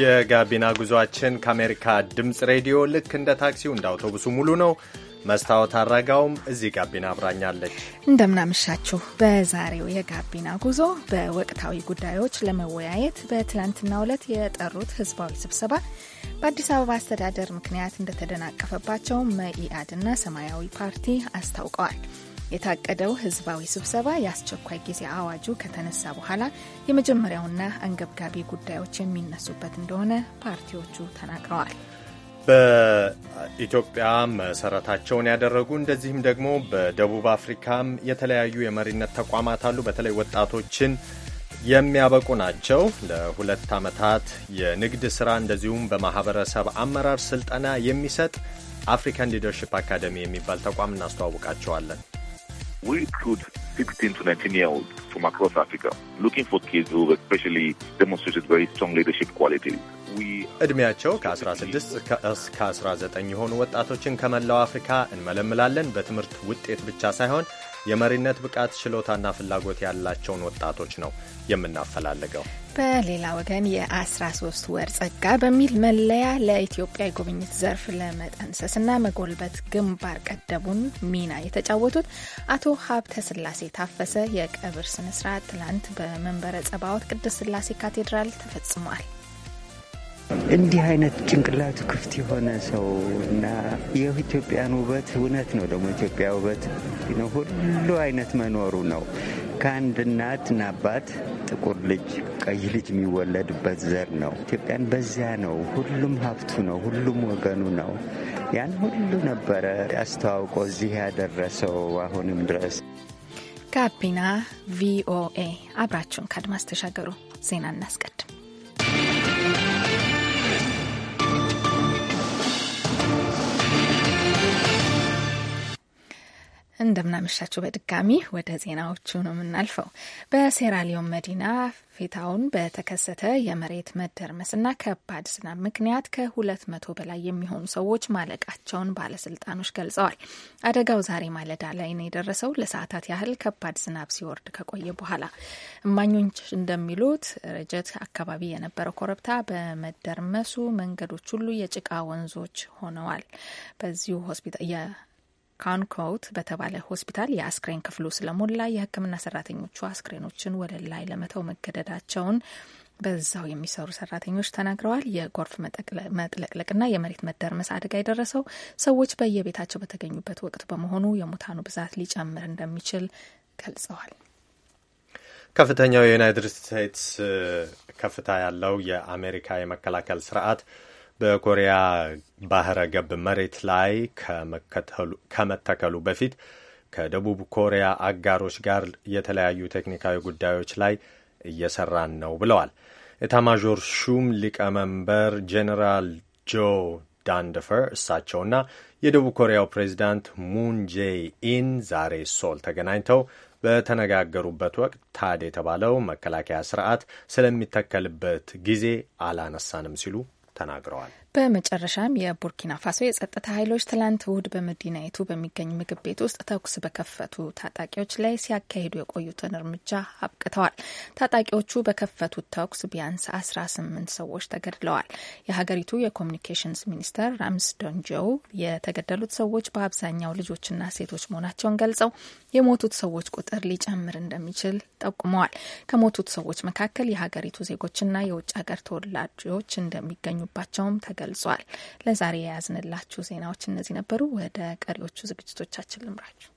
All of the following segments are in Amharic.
የጋቢና ጉዟችን ከአሜሪካ ድምፅ ሬዲዮ ልክ እንደ ታክሲው እንደ አውቶቡሱ ሙሉ ነው። መስታወት አረጋውም እዚህ ጋቢና አብራኛለች። እንደምናመሻችሁ። በዛሬው የጋቢና ጉዞ በወቅታዊ ጉዳዮች ለመወያየት በትላንትናው ዕለት የጠሩት ህዝባዊ ስብሰባ በአዲስ አበባ አስተዳደር ምክንያት እንደተደናቀፈባቸው መኢአድና ሰማያዊ ፓርቲ አስታውቀዋል። የታቀደው ህዝባዊ ስብሰባ የአስቸኳይ ጊዜ አዋጁ ከተነሳ በኋላ የመጀመሪያውና አንገብጋቢ ጉዳዮች የሚነሱበት እንደሆነ ፓርቲዎቹ ተናግረዋል። በኢትዮጵያ መሰረታቸውን ያደረጉ እንደዚህም ደግሞ በደቡብ አፍሪካም የተለያዩ የመሪነት ተቋማት አሉ። በተለይ ወጣቶችን የሚያበቁ ናቸው። ለሁለት ዓመታት የንግድ ሥራ እንደዚሁም በማኅበረሰብ አመራር ስልጠና የሚሰጥ አፍሪካን ሊደርሺፕ አካደሚ የሚባል ተቋም እናስተዋውቃቸዋለን። we recruit 16 to 19 year olds from across Africa, looking for kids who especially demonstrated very strong leadership qualities. እድሜያቸው ከ16 እስከ 19 የሆኑ ወጣቶችን ከመላው አፍሪካ እንመለምላለን። በትምህርት ውጤት ብቻ ሳይሆን የመሪነት ብቃት ችሎታና ፍላጎት ያላቸውን ወጣቶች ነው የምናፈላልገው በሌላ ወገን የ13 ወር ጸጋ በሚል መለያ ለኢትዮጵያ የጉብኝት ዘርፍ ለመጠንሰስና መጎልበት ግንባር ቀደሙን ሚና የተጫወቱት አቶ ሀብተ ስላሴ ታፈሰ የቀብር ስነስርዓት ትላንት በመንበረ ጸባዖት ቅድስት ስላሴ ካቴድራል ተፈጽሟል። እንዲህ አይነት ጭንቅላቱ ክፍት የሆነ ሰው እና የኢትዮጵያን ውበት እውነት ነው ደግሞ ኢትዮጵያ ውበት ሁሉ አይነት መኖሩ ነው። ከአንድ እናትና አባት ጥቁር ልጅ፣ ቀይ ልጅ የሚወለድበት ዘር ነው። ኢትዮጵያን በዚያ ነው። ሁሉም ሀብቱ ነው። ሁሉም ወገኑ ነው። ያን ሁሉ ነበረ አስተዋውቆ እዚህ ያደረሰው አሁንም ድረስ። ጋቢና ቪኦኤ አብራችሁን ከአድማስ ተሻገሩ። ዜና እናስቀድም። እንደምናመሻችሁ በድጋሚ ወደ ዜናዎቹ ነው የምናልፈው። በሴራሊዮን መዲና ፌታውን በተከሰተ የመሬት መደርመስና ከባድ ዝናብ ምክንያት ከሁለት መቶ በላይ የሚሆኑ ሰዎች ማለቃቸውን ባለስልጣኖች ገልጸዋል። አደጋው ዛሬ ማለዳ ላይ ነው የደረሰው ለሰዓታት ያህል ከባድ ዝናብ ሲወርድ ከቆየ በኋላ። እማኞች እንደሚሉት ረጀት አካባቢ የነበረው ኮረብታ በመደርመሱ መንገዶች ሁሉ የጭቃ ወንዞች ሆነዋል። በዚሁ ሆስፒታል ካንኮውት በተባለ ሆስፒታል የአስክሬን ክፍሉ ስለሞላ የሕክምና ሰራተኞቹ አስክሬኖችን ወለል ላይ ለመተው መገደዳቸውን በዛው የሚሰሩ ሰራተኞች ተናግረዋል። የጎርፍ መጥለቅለቅና የመሬት መደርመስ አደጋ የደረሰው ሰዎች በየቤታቸው በተገኙበት ወቅት በመሆኑ የሙታኑ ብዛት ሊጨምር እንደሚችል ገልጸዋል። ከፍተኛው የዩናይትድ ስቴትስ ከፍታ ያለው የአሜሪካ የመከላከል ስርዓት በኮሪያ ባህረ ገብ መሬት ላይ ከመተከሉ በፊት ከደቡብ ኮሪያ አጋሮች ጋር የተለያዩ ቴክኒካዊ ጉዳዮች ላይ እየሰራን ነው ብለዋል። ኤታማዦር ሹም ሊቀመንበር ጄኔራል ጆ ዳንደፈር እሳቸውና የደቡብ ኮሪያው ፕሬዚዳንት ሙን ኢን ዛሬ ሶል ተገናኝተው በተነጋገሩበት ወቅት ታድ የተባለው መከላከያ ስርዓት ስለሚተከልበት ጊዜ አላነሳንም ሲሉ ተናግረዋል። በመጨረሻም የቡርኪና ፋሶ የጸጥታ ኃይሎች ትላንት እሁድ በመዲናይቱ በሚገኝ ምግብ ቤት ውስጥ ተኩስ በከፈቱ ታጣቂዎች ላይ ሲያካሂዱ የቆዩትን እርምጃ አብቅተዋል። ታጣቂዎቹ በከፈቱት ተኩስ ቢያንስ አስራ ስምንት ሰዎች ተገድለዋል። የሀገሪቱ የኮሚኒኬሽንስ ሚኒስተር ራምስ ዶንጆው የተገደሉት ሰዎች በአብዛኛው ልጆችና ሴቶች መሆናቸውን ገልጸው የሞቱት ሰዎች ቁጥር ሊጨምር እንደሚችል ጠቁመዋል። ከሞቱት ሰዎች መካከል የሀገሪቱ ዜጎችና የውጭ ሀገር ተወላጆች እንደሚገኙባቸውም ተገ ገልጿል። ለዛሬ የያዝንላችሁ ዜናዎች እነዚህ ነበሩ። ወደ ቀሪዎቹ ዝግጅቶቻችን ልምራችሁ።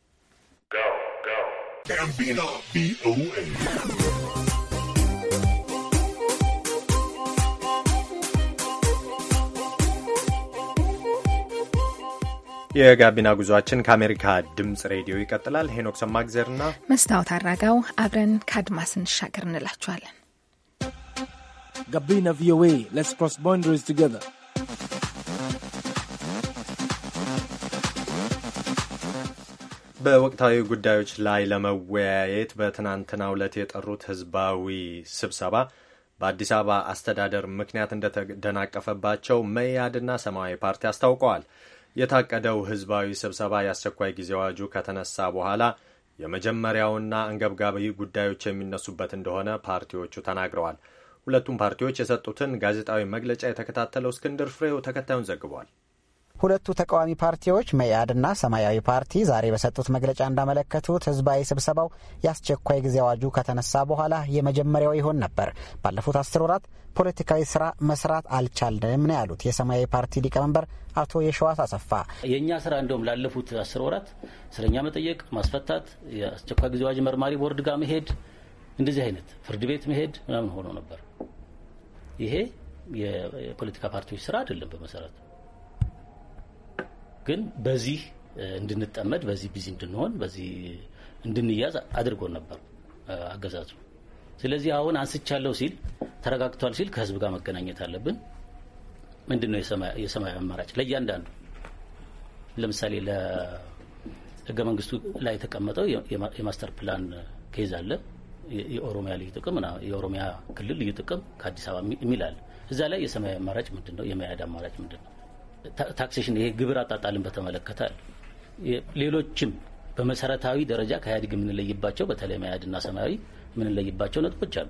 የጋቢና ጉዟችን ከአሜሪካ ድምጽ ሬዲዮ ይቀጥላል። ሄኖክ ሰማግዘርና መስታወት አራጋው አብረን ከአድማስ እንሻገር እንላችኋለን። ጋቢና ቪኦኤ ሌትስ ክሮስ ቦንደሪስ ቱጌዘር በወቅታዊ ጉዳዮች ላይ ለመወያየት በትናንትናው ዕለት የጠሩት ህዝባዊ ስብሰባ በአዲስ አበባ አስተዳደር ምክንያት እንደተደናቀፈባቸው መያድና ሰማያዊ ፓርቲ አስታውቀዋል። የታቀደው ህዝባዊ ስብሰባ የአስቸኳይ ጊዜ አዋጁ ከተነሳ በኋላ የመጀመሪያውና አንገብጋቢ ጉዳዮች የሚነሱበት እንደሆነ ፓርቲዎቹ ተናግረዋል። ሁለቱም ፓርቲዎች የሰጡትን ጋዜጣዊ መግለጫ የተከታተለው እስክንድር ፍሬው ተከታዩን ዘግቧል። ሁለቱ ተቃዋሚ ፓርቲዎች መኢአድና ሰማያዊ ፓርቲ ዛሬ በሰጡት መግለጫ እንዳመለከቱት ህዝባዊ ስብሰባው የአስቸኳይ ጊዜ አዋጁ ከተነሳ በኋላ የመጀመሪያው ይሆን ነበር። ባለፉት አስር ወራት ፖለቲካዊ ስራ መስራት አልቻልንም ነው ያሉት የሰማያዊ ፓርቲ ሊቀመንበር አቶ የሸዋስ አሰፋ። የእኛ ስራ እንደውም ላለፉት አስር ወራት እስረኛ መጠየቅ፣ ማስፈታት፣ የአስቸኳይ ጊዜ አዋጅ መርማሪ ቦርድ ጋር መሄድ፣ እንደዚህ አይነት ፍርድ ቤት መሄድ ምናምን ሆኖ ነበር። ይሄ የፖለቲካ ፓርቲዎች ስራ አይደለም በመሰረቱ ግን በዚህ እንድንጠመድ በዚህ ቢዚ እንድንሆን በዚህ እንድንያዝ አድርጎ ነበር አገዛዙ። ስለዚህ አሁን አንስቻለሁ ሲል ተረጋግቷል ሲል ከህዝብ ጋር መገናኘት አለብን። ምንድን ነው የሰማያዊ አማራጭ? ለእያንዳንዱ ለምሳሌ ለህገ መንግስቱ ላይ የተቀመጠው የማስተር ፕላን ኬዝ አለ። የኦሮሚያ ልዩ ጥቅም የኦሮሚያ ክልል ልዩ ጥቅም ከአዲስ አበባ የሚል አለ። እዛ ላይ የሰማያዊ አማራጭ ምንድን ነው? የመያድ አማራጭ ምንድን ነው? ታክሴሽን ይሄ ግብር አጣጣልን በተመለከተ ሌሎችም በመሰረታዊ ደረጃ ከኢህአዴግ የምንለይባቸው በተለይ መያድና ሰማያዊ የምንለይባቸው ነጥቦች አሉ።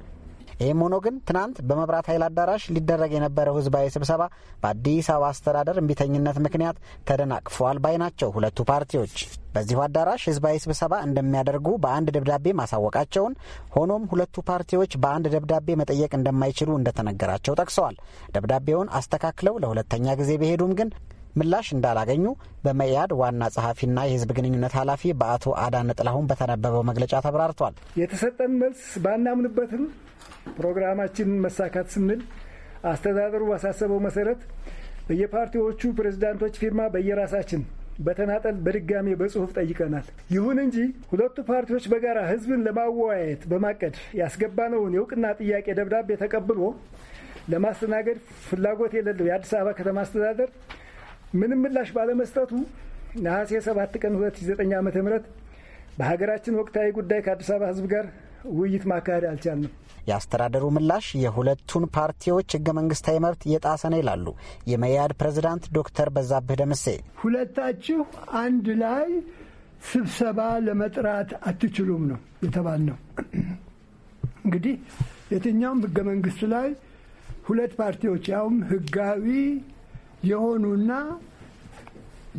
ይህም ሆኖ ግን ትናንት በመብራት ኃይል አዳራሽ ሊደረግ የነበረው ህዝባዊ ስብሰባ በአዲስ አበባ አስተዳደር እምቢተኝነት ምክንያት ተደናቅፏል ባይ ናቸው ሁለቱ ፓርቲዎች። በዚሁ አዳራሽ ህዝባዊ ስብሰባ እንደሚያደርጉ በአንድ ደብዳቤ ማሳወቃቸውን፣ ሆኖም ሁለቱ ፓርቲዎች በአንድ ደብዳቤ መጠየቅ እንደማይችሉ እንደተነገራቸው ጠቅሰዋል። ደብዳቤውን አስተካክለው ለሁለተኛ ጊዜ ቢሄዱም ግን ምላሽ እንዳላገኙ በመያድ ዋና ጸሐፊና የህዝብ ግንኙነት ኃላፊ በአቶ አዳነ ጥላሁን በተነበበው መግለጫ ተብራርቷል። የተሰጠን መልስ ባናምንበትም ፕሮግራማችን መሳካት ስንል አስተዳደሩ ባሳሰበው መሰረት በየፓርቲዎቹ ፕሬዝዳንቶች ፊርማ በየራሳችን በተናጠል በድጋሜ በጽሁፍ ጠይቀናል። ይሁን እንጂ ሁለቱ ፓርቲዎች በጋራ ህዝብን ለማወያየት በማቀድ ያስገባነውን የእውቅና ጥያቄ ደብዳቤ ተቀብሎ ለማስተናገድ ፍላጎት የሌለው የአዲስ አበባ ከተማ አስተዳደር ምንም ምላሽ ባለመስጠቱ ነሐሴ 7 ቀን 2009 ዓ ም በሀገራችን ወቅታዊ ጉዳይ ከአዲስ አበባ ህዝብ ጋር ውይይት ማካሄድ አልቻልንም። የአስተዳደሩ ምላሽ የሁለቱን ፓርቲዎች ህገ መንግስታዊ መብት እየጣሰ ነው ይላሉ የመያድ ፕሬዝዳንት ዶክተር በዛብህ ደምሴ። ሁለታችሁ አንድ ላይ ስብሰባ ለመጥራት አትችሉም ነው ነው። እንግዲህ የትኛውም ህገ መንግስት ላይ ሁለት ፓርቲዎች ያውም ህጋዊ የሆኑና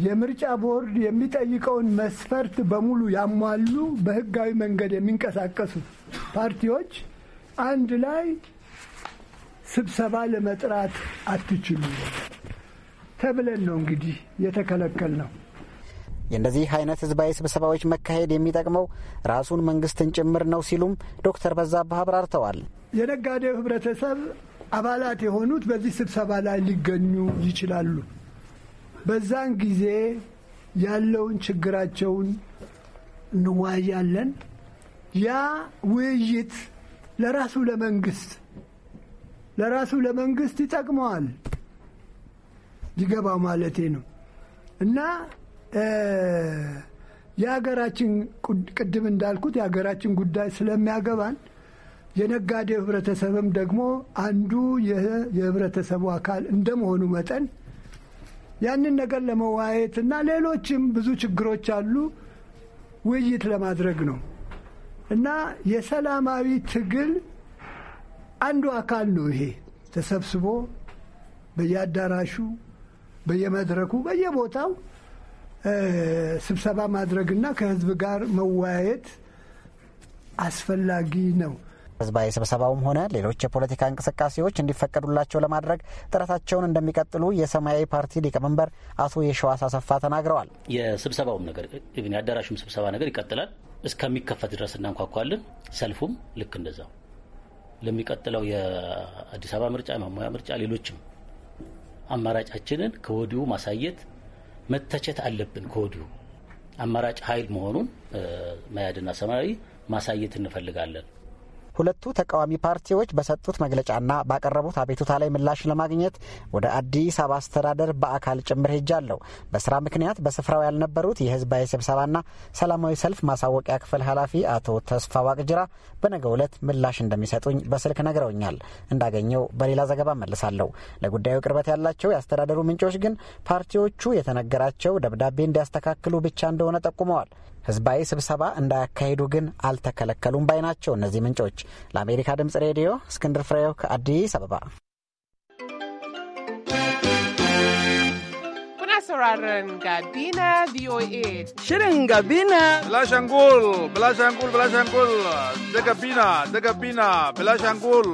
የምርጫ ቦርድ የሚጠይቀውን መስፈርት በሙሉ ያሟሉ በህጋዊ መንገድ የሚንቀሳቀሱ ፓርቲዎች አንድ ላይ ስብሰባ ለመጥራት አትችሉ ተብለን ነው እንግዲህ የተከለከል ነው። የእንደዚህ አይነት ህዝባዊ ስብሰባዎች መካሄድ የሚጠቅመው ራሱን መንግስትን ጭምር ነው ሲሉም ዶክተር በዛብህ አብራርተዋል። የነጋዴው ህብረተሰብ አባላት የሆኑት በዚህ ስብሰባ ላይ ሊገኙ ይችላሉ። በዛን ጊዜ ያለውን ችግራቸውን እንዋያለን። ያ ውይይት ለራሱ ለመንግስት ለራሱ ለመንግስት ይጠቅመዋል። ይገባው ማለቴ ነው እና የሀገራችን ቅድም እንዳልኩት የሀገራችን ጉዳይ ስለሚያገባን የነጋዴ ህብረተሰብም ደግሞ አንዱ የህብረተሰቡ አካል እንደመሆኑ መጠን ያንን ነገር ለመወያየት እና ሌሎችም ብዙ ችግሮች አሉ ውይይት ለማድረግ ነው እና የሰላማዊ ትግል አንዱ አካል ነው። ይሄ ተሰብስቦ በየአዳራሹ፣ በየመድረኩ፣ በየቦታው ስብሰባ ማድረግና ከህዝብ ጋር መወያየት አስፈላጊ ነው። ህዝባዊ ስብሰባውም ሆነ ሌሎች የፖለቲካ እንቅስቃሴዎች እንዲፈቀዱላቸው ለማድረግ ጥረታቸውን እንደሚቀጥሉ የሰማያዊ ፓርቲ ሊቀመንበር አቶ የሸዋስ አሰፋ ተናግረዋል። የስብሰባውም ነገር የአዳራሹም ስብሰባ ነገር ይቀጥላል። እስከሚከፈት ድረስ እናንኳኳለን። ሰልፉም ልክ እንደዛው ለሚቀጥለው የአዲስ አበባ ምርጫ፣ መሙያ ምርጫ፣ ሌሎችም አማራጫችንን ከወዲሁ ማሳየት መተቸት አለብን። ከወዲሁ አማራጭ ኃይል መሆኑን መያድና ሰማያዊ ማሳየት እንፈልጋለን። ሁለቱ ተቃዋሚ ፓርቲዎች በሰጡት መግለጫና ባቀረቡት አቤቱታ ላይ ምላሽ ለማግኘት ወደ አዲስ አበባ አስተዳደር በአካል ጭምር ሄጃለሁ። በስራ ምክንያት በስፍራው ያልነበሩት የህዝባዊ ስብሰባና ሰላማዊ ሰልፍ ማሳወቂያ ክፍል ኃላፊ አቶ ተስፋ ዋቅጅራ በነገው ዕለት ምላሽ እንደሚሰጡኝ በስልክ ነግረውኛል። እንዳገኘው በሌላ ዘገባ መልሳለሁ። ለጉዳዩ ቅርበት ያላቸው የአስተዳደሩ ምንጮች ግን ፓርቲዎቹ የተነገራቸው ደብዳቤ እንዲያስተካክሉ ብቻ እንደሆነ ጠቁመዋል። ህዝባዊ ስብሰባ እንዳያካሂዱ ግን አልተከለከሉም ባይ ናቸው እነዚህ ምንጮች። ለአሜሪካ ድምጽ ሬዲዮ እስክንድር ፍሬው ከአዲስ አበባ። sauraron Gabina VOA. Shirin Gabina. Bilashangul, Bilashangul, Bilashangul. Da Gabina, da Gabina, Bilashangul.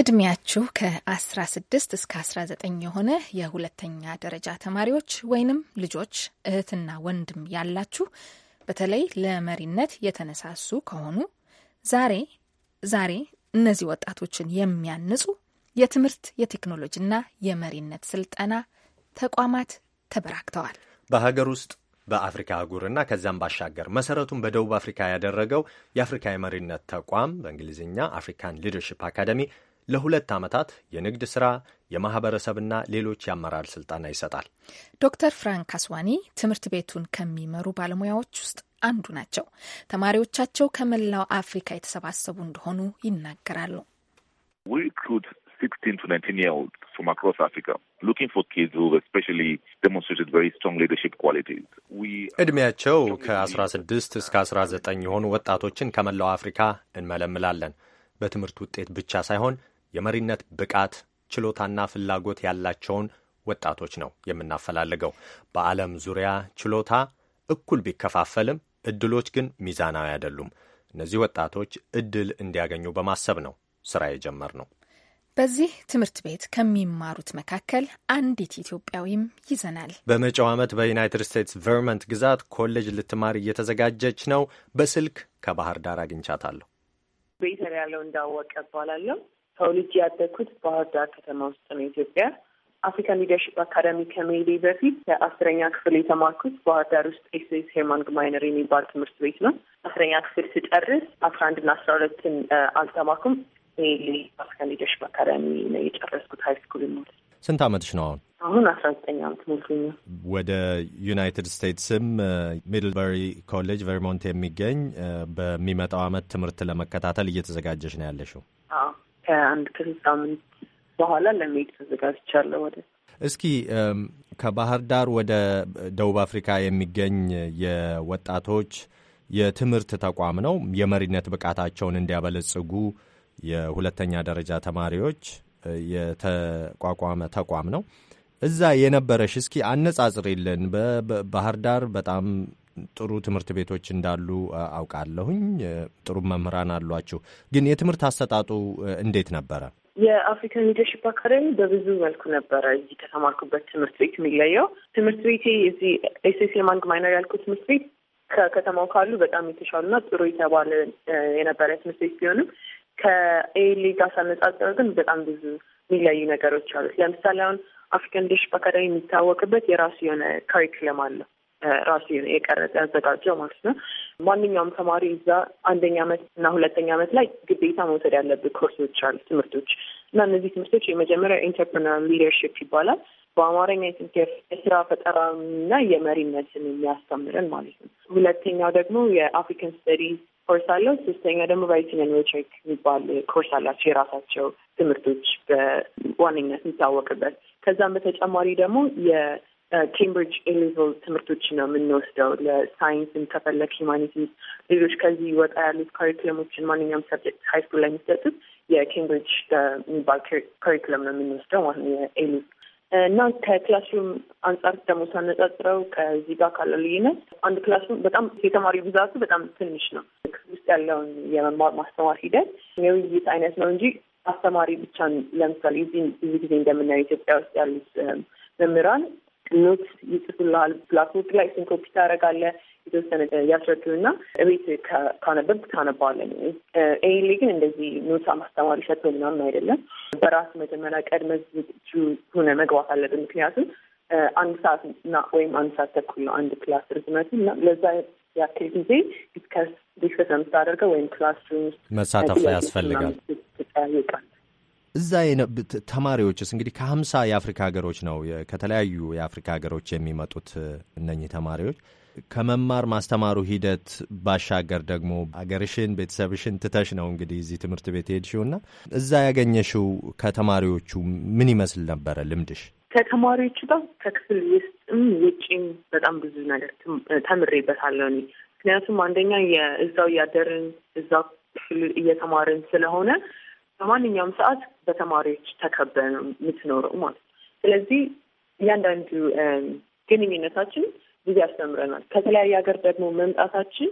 እድሜያችሁ ከ16 እስከ 19 የሆነ የሁለተኛ ደረጃ ተማሪዎች ወይንም ልጆች እህትና ወንድም ያላችሁ በተለይ ለመሪነት የተነሳሱ ከሆኑ ዛሬ ዛሬ እነዚህ ወጣቶችን የሚያንጹ የትምህርት የቴክኖሎጂና የመሪነት ስልጠና ተቋማት ተበራክተዋል። በሀገር ውስጥ በአፍሪካ አህጉርና ከዚያም ባሻገር መሰረቱን በደቡብ አፍሪካ ያደረገው የአፍሪካ የመሪነት ተቋም በእንግሊዝኛ አፍሪካን ሊደርሺፕ አካደሚ ለሁለት ዓመታት የንግድ ሥራ፣ የማኅበረሰብና ሌሎች የአመራር ሥልጠና ይሰጣል። ዶክተር ፍራንክ አስዋኒ ትምህርት ቤቱን ከሚመሩ ባለሙያዎች ውስጥ አንዱ ናቸው። ተማሪዎቻቸው ከመላው አፍሪካ የተሰባሰቡ እንደሆኑ ይናገራሉ። ዕድሜያቸው ከ16 እስከ 19 የሆኑ ወጣቶችን ከመላው አፍሪካ እንመለምላለን። በትምህርት ውጤት ብቻ ሳይሆን የመሪነት ብቃት ችሎታና ፍላጎት ያላቸውን ወጣቶች ነው የምናፈላልገው በዓለም ዙሪያ ችሎታ እኩል ቢከፋፈልም እድሎች ግን ሚዛናዊ አይደሉም። እነዚህ ወጣቶች እድል እንዲያገኙ በማሰብ ነው ስራ የጀመር ነው። በዚህ ትምህርት ቤት ከሚማሩት መካከል አንዲት ኢትዮጵያዊም ይዘናል። በመጪው ዓመት በዩናይትድ ስቴትስ ቨርመንት ግዛት ኮሌጅ ልትማር እየተዘጋጀች ነው። በስልክ ከባህር ዳር አግኝቻታለሁ። ቤተር ያለው እንዳወቀ እባላለሁ። ተወልጄ ያደግኩት ባህር ዳር ከተማ ውስጥ ነው ኢትዮጵያ። አፍሪካን ሊደርሽፕ አካዳሚ ከመሄዴ በፊት አስረኛ ክፍል የተማርኩት ባህር ዳር ውስጥ ኤስኤስ ሄርማን ግማይነር የሚባል ትምህርት ቤት ነው። አስረኛ ክፍል ስጨርስ አስራ አንድና አስራ ሁለትን አልተማርኩም። አፍሪካን ሊደርሽፕ አካዳሚ ነው የጨረስኩት ሀይ ስኩል። ስንት አመትሽ ነው አሁን? አሁን አስራ ዘጠኝ አመት ሞልቶኛል። ወደ ዩናይትድ ስቴትስም ሚድልበሪ ኮሌጅ ቨርሞንት የሚገኝ በሚመጣው አመት ትምህርት ለመከታተል እየተዘጋጀች ነው ያለሽው? ከአንድ ከሳምንት በኋላ ለመሄድ ተዘጋጅቻለሁ ወደ እስኪ ከባህር ዳር ወደ ደቡብ አፍሪካ የሚገኝ የወጣቶች የትምህርት ተቋም ነው። የመሪነት ብቃታቸውን እንዲያበለጽጉ የሁለተኛ ደረጃ ተማሪዎች የተቋቋመ ተቋም ነው። እዛ የነበረሽ እስኪ አነጻጽሪልን። በባህር ዳር በጣም ጥሩ ትምህርት ቤቶች እንዳሉ አውቃለሁኝ። ጥሩ መምህራን አሏችሁ። ግን የትምህርት አሰጣጡ እንዴት ነበረ? የአፍሪካን ሊደርሽፕ አካደሚ በብዙ መልኩ ነበረ እዚህ ከተማርኩበት ትምህርት ቤት የሚለየው። ትምህርት ቤቴ እዚህ ኤስስ የማንግ ማይነር ያልኩ ትምህርት ቤት ከከተማው ካሉ በጣም የተሻሉና ጥሩ የተባለ የነበረ ትምህርት ቤት ቢሆንም ከኤሌ ጋር ሳነጻጽረው ግን በጣም ብዙ የሚለያዩ ነገሮች አሉት። ለምሳሌ አሁን አፍሪካን ሊደርሽፕ አካዳሚ የሚታወቅበት የራሱ የሆነ ካሪክለም አለው። ራሱ የቀረጸ ያዘጋጀው ማለት ነው። ማንኛውም ተማሪ እዛ አንደኛ ዓመት እና ሁለተኛ አመት ላይ ግዴታ መውሰድ ያለብህ ኮርሶች አሉ፣ ትምህርቶች እና እነዚህ ትምህርቶች የመጀመሪያ ኢንተርፕርነር ሊደርሽፕ ይባላል። በአማርኛ የስራ ፈጠራና የመሪነትን የሚያስተምረን ማለት ነው። ሁለተኛው ደግሞ የአፍሪካን ስተዲ ኮርስ አለው። ሶስተኛ ደግሞ ራይቲንግ ኤንድ የሚባል ኮርስ አላቸው የራሳቸው ትምህርቶች በዋነኝነት የሚታወቅበት። ከዛም በተጨማሪ ደግሞ ኬምብሪጅ ኤሌቨል ትምህርቶች ነው የምንወስደው። ለሳይንስም ከፈለግ ሂማኒቲስ፣ ሌሎች ከዚህ ወጣ ያሉት ካሪኩለሞችን ማንኛውም ሰብጀክት ሃይስኩል ላይ የሚሰጡት የኬምብሪጅ የሚባል ካሪኩለም ነው የምንወስደው ማለት ነው የኤሊ እና ከክላስሩም አንጻር ደግሞ ሳነጻጽረው ከዚህ ጋር ካለ ልዩነት አንድ ክላስሩም በጣም የተማሪ ብዛቱ በጣም ትንሽ ነው። ክፍል ውስጥ ያለውን የመማር ማስተማር ሂደት የውይይት አይነት ነው እንጂ አስተማሪ ብቻ ለምሳሌ ብዙ ጊዜ እንደምናየው ኢትዮጵያ ውስጥ ያሉት መምህራን ኖት ይጽፉልሃል። ብላክኖት ላይ ስም ኮፒ ታደርጋለህ የተወሰነ ያስረዱና እቤት ካነበብ ታነባለን። ኤሌ ግን እንደዚህ ኖታ ማስተማሪ ሰጥቶ ምናምን አይደለም። በራስ መጀመሪያ ቀድመ ዝግጁ ሆነ መግባት አለብን። ምክንያቱም አንድ ሰዓት እና ወይም አንድ ሰዓት ተኩል ነው አንድ ክላስ ርዝመቱ እና ለዛ ያክል ጊዜ ዲስከስ ዲስከስ የምታደርገው ወይም ክላስ ውስጥ መሳተፍ ያስፈልጋል። እዛ ተማሪዎችስ እንግዲህ ከሀምሳ የአፍሪካ ሀገሮች ነው ከተለያዩ የአፍሪካ ሀገሮች የሚመጡት እነኚህ ተማሪዎች ከመማር ማስተማሩ ሂደት ባሻገር ደግሞ አገርሽን ቤተሰብሽን ትተሽ ነው እንግዲህ እዚህ ትምህርት ቤት ሄድሽው እና እዛ ያገኘሽው ከተማሪዎቹ ምን ይመስል ነበረ ልምድሽ? ከተማሪዎቹ ጋር ከክፍል ውስጥም ውጪም በጣም ብዙ ነገር ተምሬበታለሁ ምክንያቱም አንደኛ እዛው እያደርን እዛ ክፍል እየተማርን ስለሆነ በማንኛውም ሰዓት በተማሪዎች ተከበ ነው የምትኖረው ማለት ነው። ስለዚህ እያንዳንዱ ግንኙነታችን ብዙ ያስተምረናል። ከተለያየ ሀገር ደግሞ መምጣታችን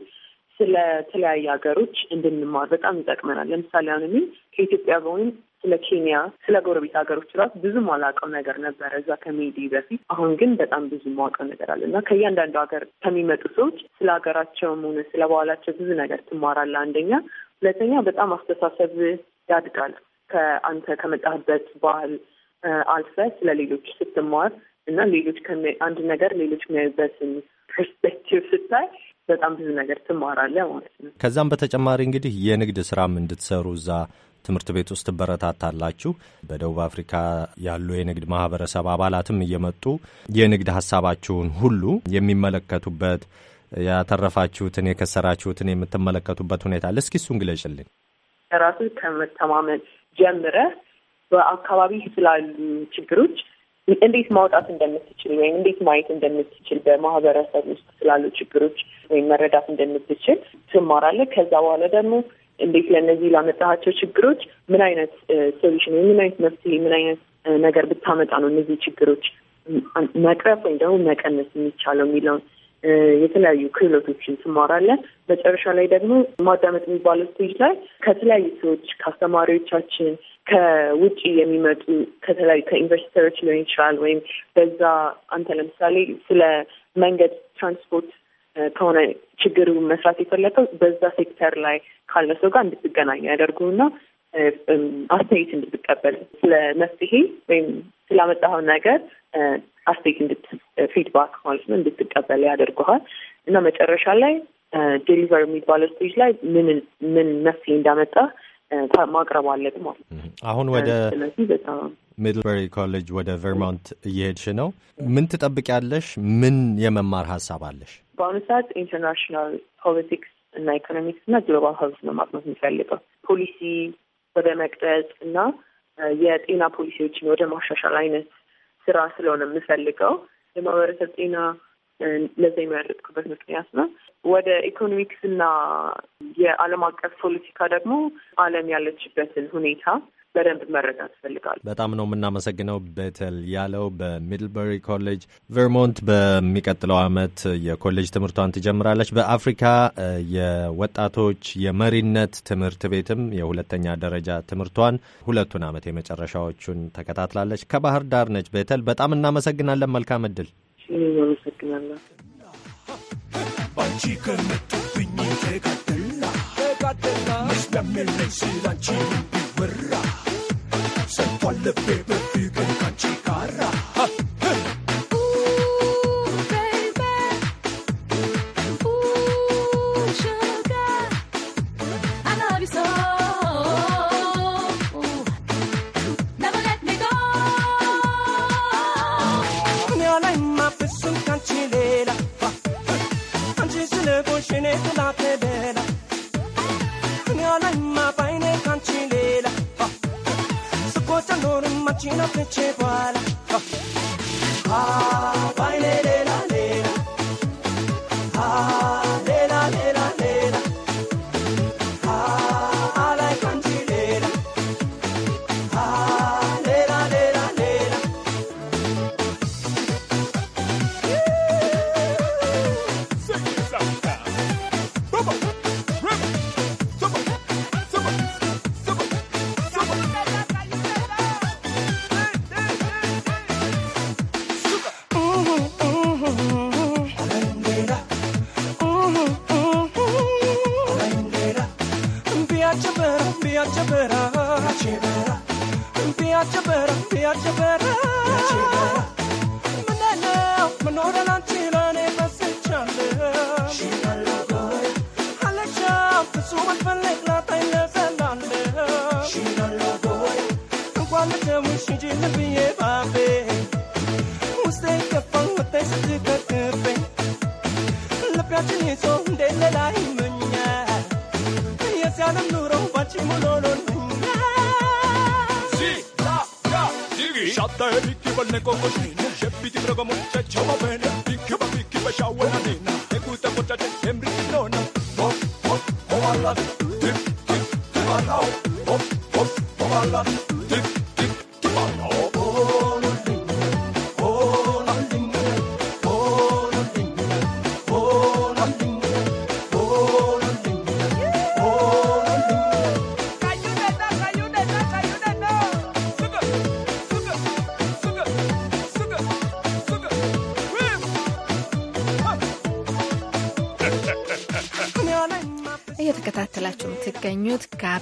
ስለተለያየ ሀገሮች እንድንማር በጣም ይጠቅመናል። ለምሳሌ አሁን እኔ ከኢትዮጵያ በሆን ስለ ኬንያ፣ ስለ ጎረቤት ሀገሮች ራሱ ብዙ ማላውቀው ነገር ነበረ እዛ ከሜዲ በፊት። አሁን ግን በጣም ብዙ ማውቀው ነገር አለ እና ከእያንዳንዱ ሀገር ከሚመጡ ሰዎች ስለ ሀገራቸውም ሆነ ስለ ባህላቸው ብዙ ነገር ትማራለህ አንደኛ። ሁለተኛ በጣም አስተሳሰብ ያድጋል። ከአንተ ከመጣህበት ባህል አልፈ ስለ ሌሎች ስትማር እና ሌሎች አንድ ነገር ሌሎች የሚያዩበትን ፐርስፔክቲቭ ስታይ በጣም ብዙ ነገር ትማራለ ማለት ነው። ከዛም በተጨማሪ እንግዲህ የንግድ ስራም እንድትሰሩ እዛ ትምህርት ቤት ውስጥ ትበረታታላችሁ። በደቡብ አፍሪካ ያሉ የንግድ ማህበረሰብ አባላትም እየመጡ የንግድ ሀሳባችሁን ሁሉ የሚመለከቱበት ያተረፋችሁትን፣ የከሰራችሁትን የምትመለከቱበት ሁኔታ አለ። እስኪ እሱን ግለጭልኝ። ራሱ ከመተማመን ጀምረ በአካባቢ ስላሉ ችግሮች እንዴት ማውጣት እንደምትችል ወይም እንዴት ማየት እንደምትችል በማህበረሰብ ውስጥ ስላሉ ችግሮች ወይም መረዳት እንደምትችል ትማራለህ። ከዛ በኋላ ደግሞ እንዴት ለእነዚህ ላመጣቸው ችግሮች ምን አይነት ሶሉሽን ወይም ምን አይነት መፍትሄ ምን አይነት ነገር ብታመጣ ነው እነዚህ ችግሮች መቅረፍ ወይም ደግሞ መቀነስ የሚቻለው የሚለውን የተለያዩ ክህሎቶችን ትማራለን። መጨረሻ ላይ ደግሞ ማዳመጥ የሚባለው ስቴጅ ላይ ከተለያዩ ሰዎች ከአስተማሪዎቻችን፣ ከውጭ የሚመጡ ከተለያዩ ከኢንቨስተሮች ሊሆን ይችላል ወይም በዛ አንተ ለምሳሌ ስለ መንገድ ትራንስፖርት ከሆነ ችግሩ መስራት የፈለገው በዛ ሴክተር ላይ ካለ ሰው ጋር እንድትገናኝ ያደርጉና አስተያየት እንድትቀበል ስለ መፍትሄ ወይም ስላመጣኸው ነገር አስቴክ ፊድባክ ማለት ነው እንድትቀበለ ያደርገዋል እና መጨረሻ ላይ ዴሊቨር የሚባለው ስቴጅ ላይ ምን ምን መፍትሄ እንዳመጣ ማቅረብ አለብህ ማለት ነው። አሁን ወደ ሚድልበሪ ኮሌጅ ወደ ቨርማንት እየሄድሽ ነው። ምን ትጠብቂያለሽ? ምን የመማር ሀሳብ አለሽ? በአሁኑ ሰዓት ኢንተርናሽናል ፖለቲክስ እና ኢኮኖሚክስ እና ግሎባል ሀብት ነው ማጥናት የሚፈልገው ፖሊሲ ወደ መቅረጽ እና የጤና ፖሊሲዎችን ወደ ማሻሻል አይነት ስራ ስለሆነ የምፈልገው የማህበረሰብ ጤና ለዛ የሚያደርግበት ምክንያት ነው። ወደ ኢኮኖሚክስ እና የዓለም አቀፍ ፖለቲካ ደግሞ ዓለም ያለችበትን ሁኔታ በደንብ መረዳት ይፈልጋሉ። በጣም ነው የምናመሰግነው ቤተል ያለው በሚድልበሪ ኮሌጅ ቨርሞንት። በሚቀጥለው አመት የኮሌጅ ትምህርቷን ትጀምራለች። በአፍሪካ የወጣቶች የመሪነት ትምህርት ቤትም የሁለተኛ ደረጃ ትምህርቷን ሁለቱን ዓመት የመጨረሻዎቹን ተከታትላለች። ከባህር ዳር ነች ቤተል። በጣም እናመሰግናለን። መልካም እድል። እናመሰግናለን። said, What the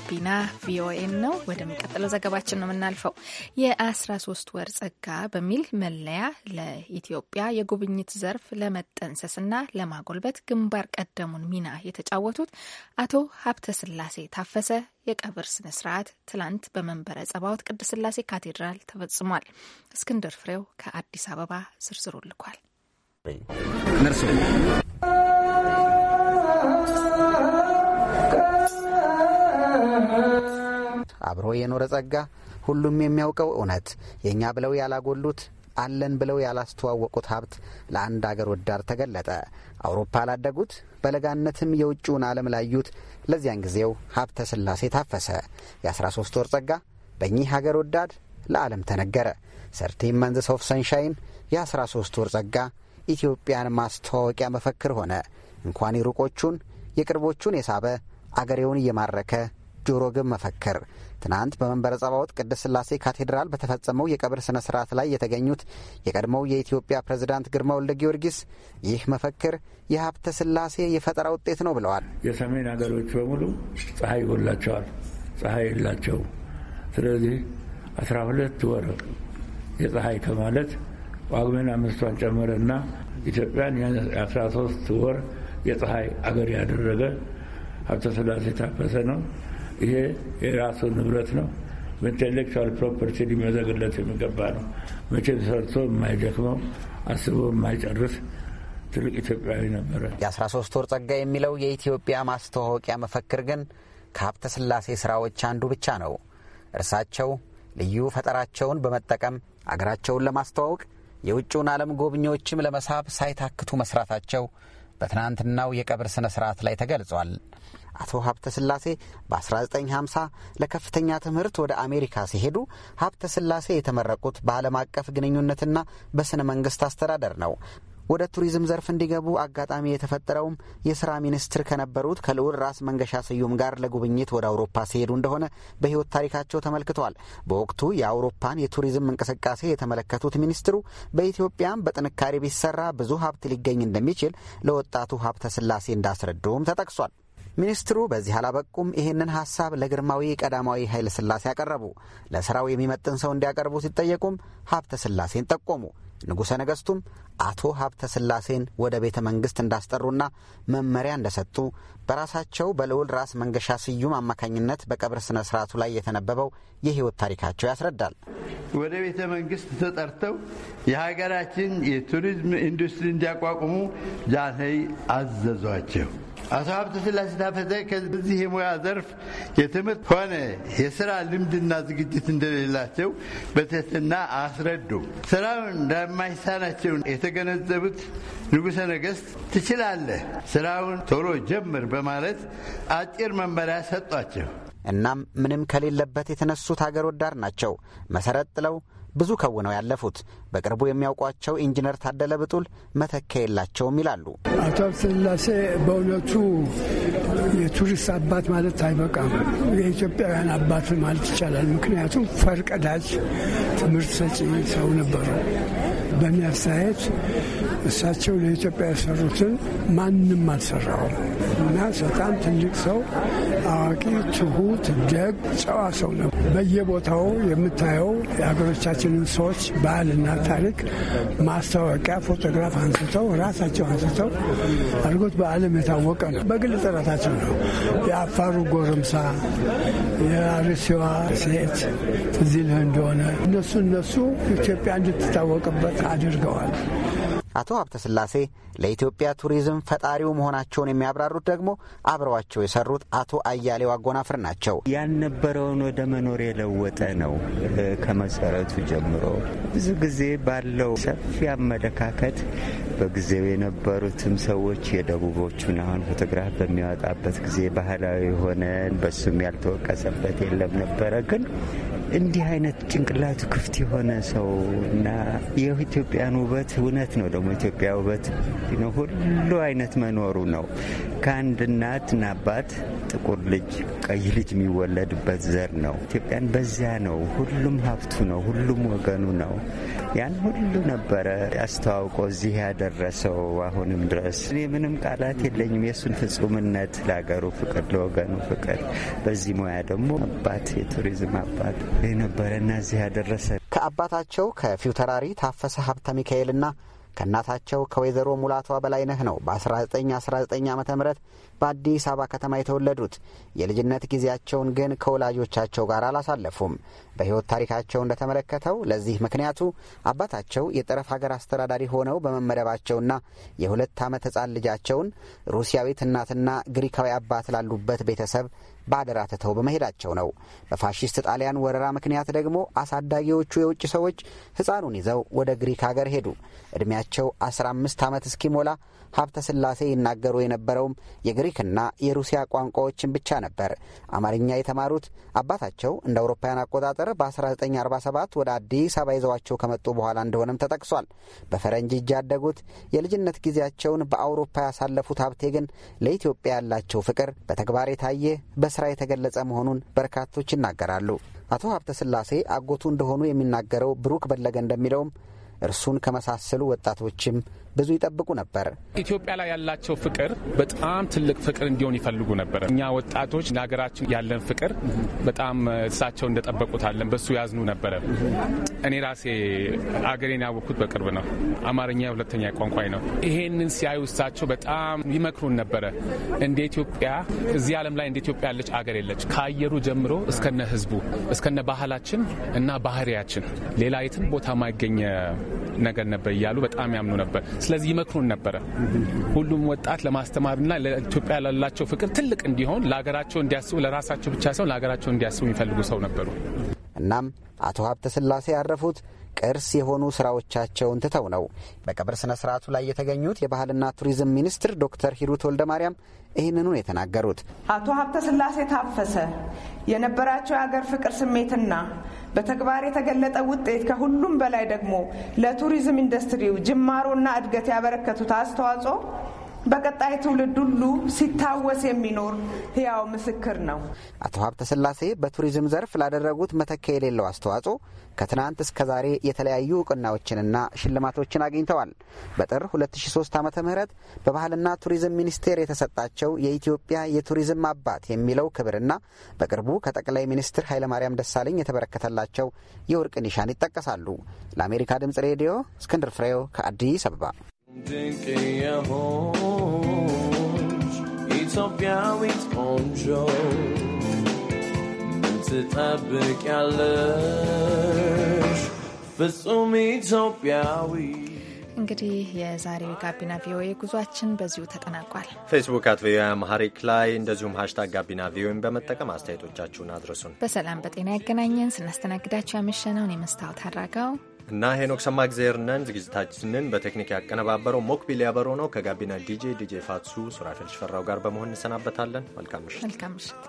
ጋቢና ቪኦኤን ነው። ወደሚቀጥለው ዘገባችን ነው የምናልፈው። የ13 ወር ጸጋ በሚል መለያ ለኢትዮጵያ የጉብኝት ዘርፍ ለመጠንሰስና ለማጎልበት ግንባር ቀደሙን ሚና የተጫወቱት አቶ ሀብተ ስላሴ ታፈሰ የቀብር ስነ ስርዓት ትላንት በመንበረ ጸባዖት ቅድስት ስላሴ ካቴድራል ተፈጽሟል። እስክንድር ፍሬው ከአዲስ አበባ ዝርዝሩ ልኳል። የኖረ ጸጋ፣ ሁሉም የሚያውቀው እውነት፣ የእኛ ብለው ያላጎሉት አለን ብለው ያላስተዋወቁት ሀብት ለአንድ አገር ወዳድ ተገለጠ። አውሮፓ ላደጉት በለጋነትም የውጭውን ዓለም ላዩት ለዚያን ጊዜው ሀብተ ስላሴ ታፈሰ። የ13 ወር ጸጋ በእኚህ ሀገር ወዳድ ለዓለም ተነገረ። ሰርቲን መንዝስ ኦፍ ሰንሻይን የ13 ወር ጸጋ ኢትዮጵያን ማስተዋወቂያ መፈክር ሆነ። እንኳን ሩቆቹን የቅርቦቹን የሳበ አገሬውን እየማረከ ጆሮ ግብ መፈክር ትናንት በመንበረ ጸባዖት ቅድስት ስላሴ ካቴድራል በተፈጸመው የቀብር ሥነ ሥርዓት ላይ የተገኙት የቀድሞው የኢትዮጵያ ፕሬዝዳንት ግርማ ወልደ ጊዮርጊስ ይህ መፈክር የሀብተ ስላሴ የፈጠራ ውጤት ነው ብለዋል። የሰሜን ሀገሮች በሙሉ ፀሐይ ይጎላቸዋል፣ ፀሐይ የላቸው። ስለዚህ አስራ ሁለት ወር የፀሐይ ከማለት ጳጉሜን አምስቷን ጨምረና ኢትዮጵያን የአስራ ሶስት ወር የፀሐይ አገር ያደረገ ሀብተ ስላሴ ታፈሰ ነው። ይሄ የራሱ ንብረት ነው። በኢንቴሌክቹዋል ፕሮፐርቲ ሊመዘግለት የሚገባ ነው። መቼም ሰርቶ የማይደክመው አስቦ የማይጨርስ ትልቅ ኢትዮጵያዊ ነበረ። የ13 ወር ጸጋ የሚለው የኢትዮጵያ ማስተዋወቂያ መፈክር ግን ከሀብተ ስላሴ ስራዎች አንዱ ብቻ ነው። እርሳቸው ልዩ ፈጠራቸውን በመጠቀም አገራቸውን ለማስተዋወቅ የውጭውን ዓለም ጎብኚዎችም ለመሳብ ሳይታክቱ መስራታቸው በትናንትናው የቀብር ስነ ስርዓት ላይ ተገልጿል። አቶ ሀብተ ስላሴ በ1950 ለከፍተኛ ትምህርት ወደ አሜሪካ ሲሄዱ ሀብተ ስላሴ የተመረቁት በዓለም አቀፍ ግንኙነትና በሥነ መንግሥት አስተዳደር ነው። ወደ ቱሪዝም ዘርፍ እንዲገቡ አጋጣሚ የተፈጠረውም የስራ ሚኒስትር ከነበሩት ከልዑል ራስ መንገሻ ስዩም ጋር ለጉብኝት ወደ አውሮፓ ሲሄዱ እንደሆነ በሕይወት ታሪካቸው ተመልክቷል። በወቅቱ የአውሮፓን የቱሪዝም እንቅስቃሴ የተመለከቱት ሚኒስትሩ በኢትዮጵያም በጥንካሬ ቢሰራ ብዙ ሀብት ሊገኝ እንደሚችል ለወጣቱ ሀብተ ስላሴ እንዳስረዱም ተጠቅሷል። ሚኒስትሩ በዚህ አላበቁም። ይህንን ሀሳብ ለግርማዊ ቀዳማዊ ኃይለ ሥላሴ ያቀረቡ ለሥራው የሚመጥን ሰው እንዲያቀርቡ ሲጠየቁም ሀብተ ሥላሴን ጠቆሙ። ንጉሠ ነገሥቱም አቶ ሀብተ ሥላሴን ወደ ቤተ መንግሥት እንዳስጠሩና መመሪያ እንደሰጡ በራሳቸው በልዑል ራስ መንገሻ ስዩም አማካኝነት በቀብር ሥነ ሥርዓቱ ላይ የተነበበው የሕይወት ታሪካቸው ያስረዳል። ወደ ቤተ መንግሥት ተጠርተው የሀገራችን የቱሪዝም ኢንዱስትሪ እንዲያቋቁሙ ጃንሆይ አዘዟቸው። አቶ ሀብተ ስላሴ ታፈተ ከዚህ የሙያ ዘርፍ የትምህርት ሆነ የስራ ልምድና ዝግጅት እንደሌላቸው በትህትና አስረዱ። ስራውን እንደማይሳናቸው የተገነዘቡት ንጉሠ ነገሥት ትችላለህ፣ ስራውን ቶሎ ጀምር በማለት አጭር መመሪያ ሰጧቸው። እናም ምንም ከሌለበት የተነሱት አገር ወዳድ ናቸው መሰረት ጥለው ብዙ ከውነው ያለፉት። በቅርቡ የሚያውቋቸው ኢንጂነር ታደለ ብጡል መተካ የላቸውም ይላሉ። አቶ ኃይለሥላሴ በእውነቱ የቱሪስት አባት ማለት አይበቃም፣ የኢትዮጵያውያን አባት ማለት ይቻላል። ምክንያቱም ፈርቀዳጅ ትምህርት ሰጪ ሰው ነበሩ። በእኔ አስተያየት እሳቸው ለኢትዮጵያ የሰሩትን ማንም አልሰራውም እና በጣም ትልቅ ሰው፣ አዋቂ፣ ትሁት፣ ደግ፣ ጨዋ ሰው ነው። በየቦታው የምታየው የሀገሮቻችንን ሰዎች ባህልና ታሪክ ማስታወቂያ ፎቶግራፍ አንስተው ራሳቸው አንስተው አድርጎት በዓለም የታወቀ ነው። በግል ጥረታቸው ነው። የአፋሩ ጎረምሳ፣ የአርሲዋ ሴት ትዝ ይልህ እንደሆነ እነሱ እነሱ ኢትዮጵያ እንድትታወቅበት አድርገዋል። አቶ ሀብተ ስላሴ ለኢትዮጵያ ቱሪዝም ፈጣሪው መሆናቸውን የሚያብራሩት ደግሞ አብረዋቸው የሰሩት አቶ አያሌው አጎናፍር ናቸው። ያልነበረውን ወደ መኖር የለወጠ ነው። ከመሰረቱ ጀምሮ ብዙ ጊዜ ባለው ሰፊ አመለካከት በጊዜው የነበሩትም ሰዎች የደቡቦቹን አሁን ፎቶግራፍ በሚያወጣበት ጊዜ ባህላዊ የሆነን በሱም ያልተወቀሰበት የለም ነበረ። ግን እንዲህ አይነት ጭንቅላቱ ክፍት የሆነ ሰው እና የኢትዮጵያን ውበት እውነት ነው ደግሞ ኢትዮጵያ ውበት ነው ሁሉ አይነት መኖሩ ነው። ከአንድ እናትና አባት ጥቁር ልጅ፣ ቀይ ልጅ የሚወለድበት ዘር ነው። ኢትዮጵያን በዚያ ነው ሁሉም ሀብቱ ነው፣ ሁሉም ወገኑ ነው። ያን ሁሉ ነበረ አስተዋውቆ እዚህ ያደ ደረሰው አሁንም ድረስ እኔ ምንም ቃላት የለኝም። የእሱን ፍጹምነት ለሀገሩ ፍቅር፣ ለወገኑ ፍቅር፣ በዚህ ሙያ ደግሞ አባት የቱሪዝም አባት የነበረና እዚህ ያደረሰ ከአባታቸው ከፊውተራሪ ታፈሰ ሀብተ ሚካኤልና ከእናታቸው ከወይዘሮ ሙላቷ በላይነህ ነው በ1919 ዓ ም በአዲስ አበባ ከተማ የተወለዱት። የልጅነት ጊዜያቸውን ግን ከወላጆቻቸው ጋር አላሳለፉም። በሕይወት ታሪካቸው እንደተመለከተው ለዚህ ምክንያቱ አባታቸው የጠረፍ ሀገር አስተዳዳሪ ሆነው በመመደባቸውና የሁለት ዓመት ሕፃን ልጃቸውን ሩሲያዊት እናትና ግሪካዊ አባት ላሉበት ቤተሰብ በአደራ ትተው በመሄዳቸው ነው። በፋሺስት ጣሊያን ወረራ ምክንያት ደግሞ አሳዳጊዎቹ የውጭ ሰዎች ሕፃኑን ይዘው ወደ ግሪክ ሀገር ሄዱ። ዕድሜያቸው 15 ዓመት እስኪሞላ ሀብተ ስላሴ ይናገሩ የነበረውም የግሪክና የሩሲያ ቋንቋዎችን ብቻ ነበር። አማርኛ የተማሩት አባታቸው እንደ አውሮፓውያን አቆጣጠር በ1947 ወደ አዲስ አበባ ይዘዋቸው ከመጡ በኋላ እንደሆነም ተጠቅሷል። በፈረንጅ እጅ ያደጉት የልጅነት ጊዜያቸውን በአውሮፓ ያሳለፉት ሀብቴ ግን ለኢትዮጵያ ያላቸው ፍቅር በተግባር የታየ በስራ የተገለጸ መሆኑን በርካቶች ይናገራሉ። አቶ ሀብተ ስላሴ አጎቱ እንደሆኑ የሚናገረው ብሩክ በለገ እንደሚለውም እርሱን ከመሳሰሉ ወጣቶችም ብዙ ይጠብቁ ነበር። ኢትዮጵያ ላይ ያላቸው ፍቅር በጣም ትልቅ ፍቅር እንዲሆን ይፈልጉ ነበር። እኛ ወጣቶች ለሀገራችን ያለን ፍቅር በጣም እሳቸው እንደጠበቁት አለን። በሱ ያዝኑ ነበረ። እኔ ራሴ አገሬን ያወቅኩት በቅርብ ነው። አማርኛ ሁለተኛ ቋንቋይ ነው። ይሄንን ሲያዩ እሳቸው በጣም ይመክሩን ነበረ። እንደ ኢትዮጵያ እዚህ ዓለም ላይ እንደ ኢትዮጵያ ያለች አገር የለች። ከአየሩ ጀምሮ እስከነ ህዝቡ እስከነ ባህላችን እና ባህሪያችን ሌላ የትም ቦታ ማይገኘ ነገር ነበር እያሉ በጣም ያምኑ ነበር። ስለዚህ ይመክሩን ነበረ። ሁሉም ወጣት ለማስተማርና ለኢትዮጵያ ላላቸው ፍቅር ትልቅ እንዲሆን ለሀገራቸው እንዲያስቡ ለራሳቸው ብቻ ሳይሆን ለሀገራቸው እንዲያስቡ የሚፈልጉ ሰው ነበሩ። እናም አቶ ሀብተ ስላሴ ያረፉት ቅርስ የሆኑ ስራዎቻቸውን ትተው ነው በቀብር ስነ ስርዓቱ ላይ የተገኙት። የባህልና ቱሪዝም ሚኒስትር ዶክተር ሂሩት ወልደ ማርያም ይህንኑ የተናገሩት አቶ ሀብተ ስላሴ ታፈሰ የነበራቸው የሀገር ፍቅር ስሜትና በተግባር የተገለጠ ውጤት ከሁሉም በላይ ደግሞ ለቱሪዝም ኢንዱስትሪው ጅማሮና እድገት ያበረከቱት አስተዋጽኦ በቀጣይ ትውልድ ሁሉ ሲታወስ የሚኖር ህያው ምስክር ነው። አቶ ሀብተ ስላሴ በቱሪዝም ዘርፍ ላደረጉት መተኪያ የሌለው አስተዋጽኦ ከትናንት እስከ ዛሬ የተለያዩ እውቅናዎችንና ሽልማቶችን አግኝተዋል። በጥር 2003 ዓ ም በባህልና ቱሪዝም ሚኒስቴር የተሰጣቸው የኢትዮጵያ የቱሪዝም አባት የሚለው ክብርና በቅርቡ ከጠቅላይ ሚኒስትር ኃይለማርያም ደሳለኝ የተበረከተላቸው የወርቅ ኒሻን ይጠቀሳሉ። ለአሜሪካ ድምጽ ሬዲዮ እስክንድር ፍሬው ከአዲስ አበባ ኢትዮጵያዊት ቆንጆ ምን ትጠብቂያለሽ? እንግዲህ የዛሬው ጋቢና ቪኦኤ ጉዟችን በዚሁ ተጠናቋል። ፌስቡክ አት ቪኦኤ አማሪክ ላይ እንደዚሁም ሀሽታግ ጋቢና ቪኦኤን በመጠቀም አስተያየቶቻችሁን አድረሱን። በሰላም በጤና ያገናኘን። ስናስተናግዳችሁ ያመሸነውን የመስታወት አድራጋው እና ሄኖክ ሰማ ነን። ዝግጅታችንን በቴክኒክ ያቀነባበረው ሞክቢል ያበሮ ነው። ከጋቢና ዲጄ ዲጄ ፋትሱ ሱራፌል ሽፈራው ጋር በመሆን እንሰናበታለን። መልካም ምሽት። መልካም ምሽት።